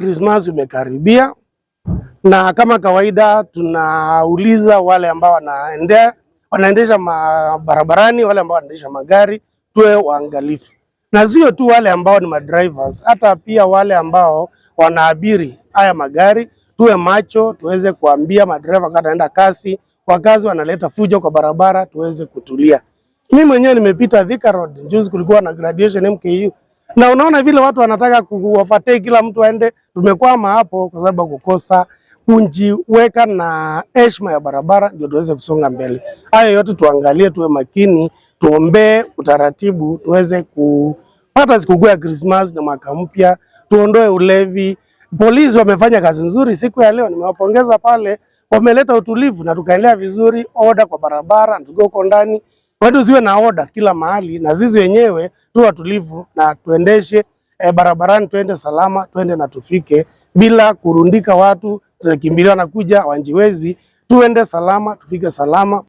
Christmas imekaribia na kama kawaida tunauliza wale ambao wanaendea wanaendesha barabarani, wale ambao wanaendesha magari tuwe waangalifu, na sio tu wale ambao ni madrivers, hata pia wale ambao wanaabiri haya magari tuwe macho, tuweze kuambia madereva kama anaenda kasi. Wakazi wanaleta fujo kwa barabara, tuweze kutulia. Mimi mwenyewe nimepita Thika Road juzi, kulikuwa na graduation MKU na unaona vile watu wanataka kuwafatei, kila mtu aende. Tumekwama hapo kwa sababu kukosa weka na heshima ya barabara, ndio tuweze kusonga mbele. Hayo yote tuangalie, tuwe makini, tuombee utaratibu, tuweze kupata sikukuu ya Krismasi na mwaka mpya, tuondoe ulevi. Polisi wamefanya kazi nzuri siku ya leo, nimewapongeza pale, wameleta utulivu na tukaendelea vizuri, oda kwa barabara, tuko ndani bado ziwe na oda kila mahali, na sisi wenyewe tuwe watulivu na tuendeshe e, barabarani, tuende salama, tuende na tufike bila kurundika watu, tunakimbilia na kuja wanjiwezi. Tuende salama, tufike salama.